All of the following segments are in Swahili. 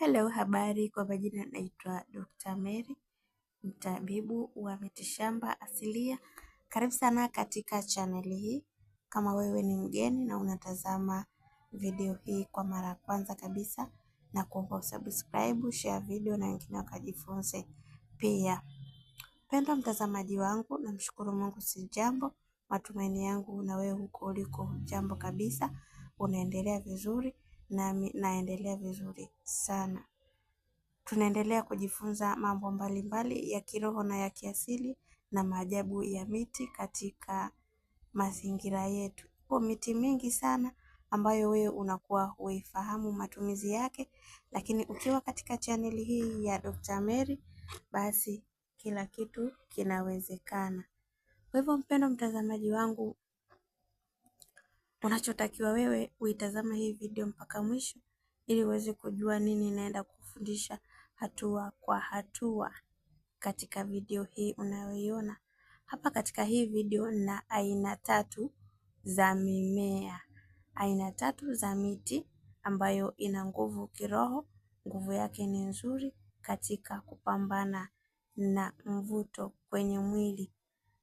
Hello, habari. Kwa majina naitwa Dr. Mary, mtabibu wa mitishamba asilia. Karibu sana katika chaneli hii. Kama wewe ni mgeni na unatazama video hii kwa mara ya kwanza kabisa, na kuomba usubscribe, share video na wengine wakajifunze pia. Pendwa mtazamaji wangu, namshukuru Mungu si jambo. Matumaini yangu na wewe huko uliko jambo kabisa, unaendelea vizuri na naendelea vizuri sana. Tunaendelea kujifunza mambo mbalimbali ya kiroho na ya kiasili na maajabu ya miti katika mazingira yetu. Ipo miti mingi sana ambayo wewe unakuwa huifahamu matumizi yake, lakini ukiwa katika chaneli hii ya Dr. Mary basi kila kitu kinawezekana. Kwa hivyo mpendo mtazamaji wangu Unachotakiwa wewe uitazame hii video mpaka mwisho ili uweze kujua nini inaenda kufundisha hatua kwa hatua katika video hii unayoiona. Hapa katika hii video na aina tatu za mimea, aina tatu za miti ambayo ina nguvu kiroho, nguvu yake ni nzuri katika kupambana na mvuto kwenye mwili.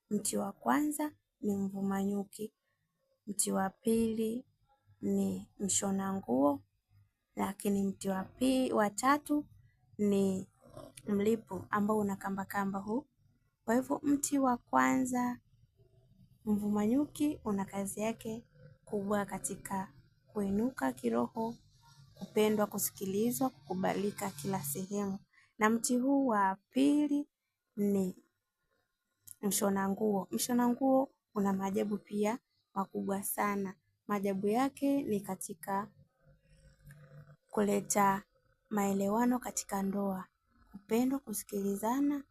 Mti wa kwanza ni mvumanyuki, Mti wa pili ni mshona nguo, lakini mti wa tatu ni mlipu ambao una kambakamba huu. Kwa hivyo mti wa kwanza mvumanyuki una kazi yake kubwa katika kuinuka kiroho, kupendwa, kusikilizwa, kukubalika kila sehemu. Na mti huu wa pili ni mshona nguo. Mshona nguo una maajabu pia makubwa sana. Maajabu yake ni katika kuleta maelewano katika ndoa, upendo, kusikilizana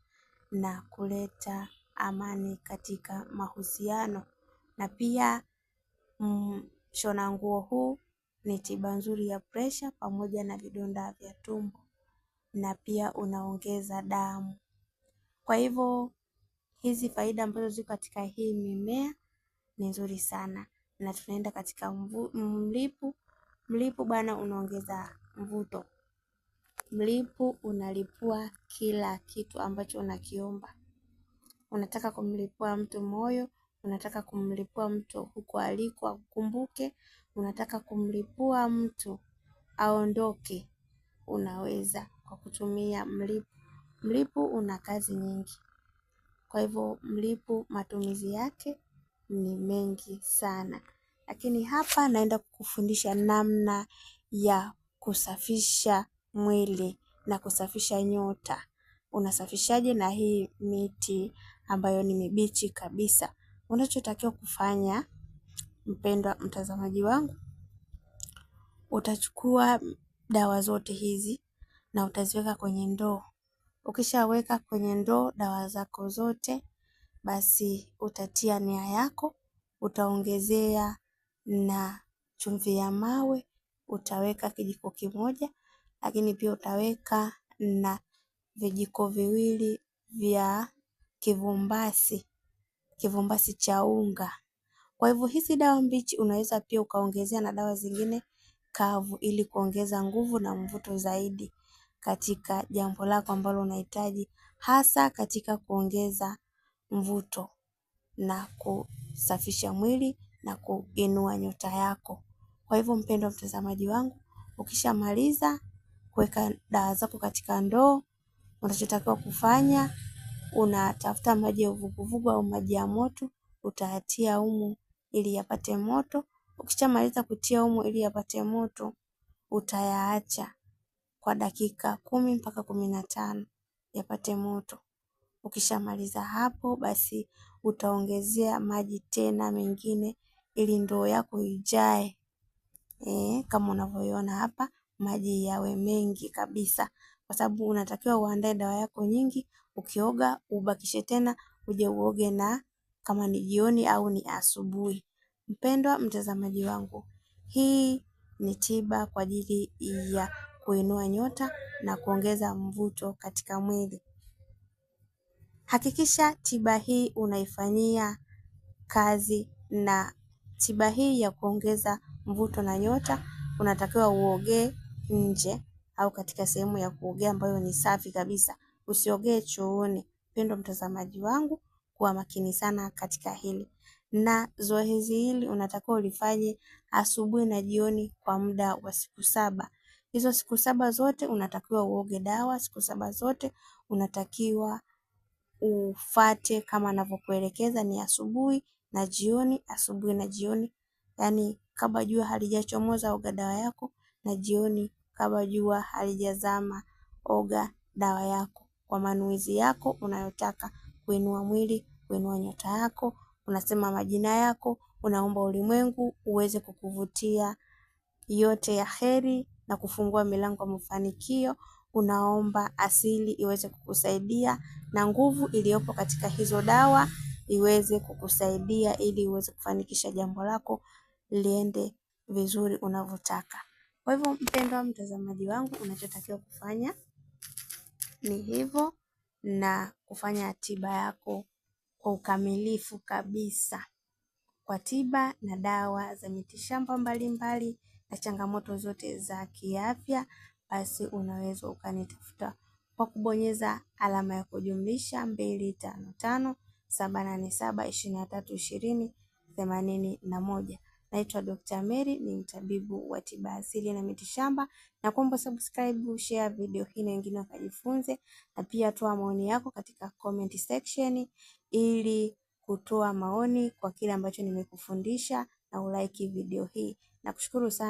na kuleta amani katika mahusiano. Na pia mshona mm, nguo huu ni tiba nzuri ya presha pamoja na vidonda vya tumbo, na pia unaongeza damu. Kwa hivyo hizi faida ambazo ziko katika hii mimea ni nzuri sana na tunaenda katika mvu, mlipu. Mlipu bwana unaongeza mvuto. Mlipu unalipua kila kitu ambacho unakiomba. Unataka kumlipua mtu moyo, unataka kumlipua mtu huko aliko akukumbuke, unataka kumlipua mtu aondoke, unaweza kwa kutumia mlipu. Mlipu una kazi nyingi. Kwa hivyo mlipu matumizi yake ni mengi sana, lakini hapa naenda kukufundisha namna ya kusafisha mwili na kusafisha nyota. Unasafishaje na hii miti ambayo ni mibichi kabisa? Unachotakiwa kufanya, mpendwa mtazamaji wangu, utachukua dawa zote hizi na utaziweka kwenye ndoo. Ukishaweka kwenye ndoo dawa zako zote basi utatia nia yako, utaongezea na chumvi ya mawe, utaweka kijiko kimoja, lakini pia utaweka na vijiko viwili vya kivumbasi, kivumbasi cha unga. Kwa hivyo hizi dawa mbichi unaweza pia ukaongezea na dawa zingine kavu ili kuongeza nguvu na mvuto zaidi katika jambo lako ambalo unahitaji hasa katika kuongeza mvuto na kusafisha mwili na kuinua nyota yako. Kwa hivyo, mpendwa mtazamaji wangu, ukishamaliza kuweka dawa zako katika ndoo, unachotakiwa kufanya unatafuta maji ya uvuguvugu au maji ya moto, utayatia humu ili yapate moto. Ukishamaliza kutia humu ili yapate moto, utayaacha kwa dakika kumi mpaka kumi na tano yapate moto. Ukishamaliza hapo basi utaongezea maji tena mengine ili ndoo yako ijae. E, kama unavyoiona hapa maji yawe mengi kabisa kwa sababu unatakiwa uandae dawa yako nyingi, ukioga ubakishe tena uje uoge na kama ni jioni au ni asubuhi. Mpendwa mtazamaji wangu, hii ni tiba kwa ajili ya kuinua nyota na kuongeza mvuto katika mwili. Hakikisha tiba hii unaifanyia kazi na tiba hii ya kuongeza mvuto na nyota unatakiwa uogee nje au katika sehemu ya kuogea ambayo ni safi kabisa. Usiogee chooni. Pendo mtazamaji wangu, kuwa makini sana katika hili, na zoezi hili unatakiwa ulifanye asubuhi na jioni kwa muda wa siku saba. Hizo siku saba zote unatakiwa uoge dawa, siku saba zote unatakiwa ufate kama anavyokuelekeza ni asubuhi na jioni, asubuhi na jioni, yaani kabla jua halijachomoza oga dawa yako, na jioni kabla jua halijazama oga dawa yako, kwa manuizi yako unayotaka kuinua mwili, kuinua nyota yako, unasema majina yako, unaomba ulimwengu uweze kukuvutia yote ya heri na kufungua milango ya mafanikio unaomba asili iweze kukusaidia na nguvu iliyopo katika hizo dawa iweze kukusaidia ili uweze kufanikisha jambo lako liende vizuri unavyotaka. Kwa hivyo, mpendwa mtazamaji wangu, unachotakiwa kufanya ni hivyo na kufanya tiba yako kwa ukamilifu kabisa kwa tiba na dawa za mitishamba mbalimbali na changamoto zote za kiafya basi unaweza ukanitafuta kwa kubonyeza alama ya kujumlisha mbili tano tano saba nane saba ishirini na tatu ishirini themanini na moja. Naitwa Dr. Merry ni mtabibu wa tiba asili na mitishamba, na kuomba subscribe, share video hii na wengine wakajifunze, na pia toa maoni yako katika comment section ili kutoa maoni kwa kile ambacho nimekufundisha na ulike video hii. Nakushukuru sana.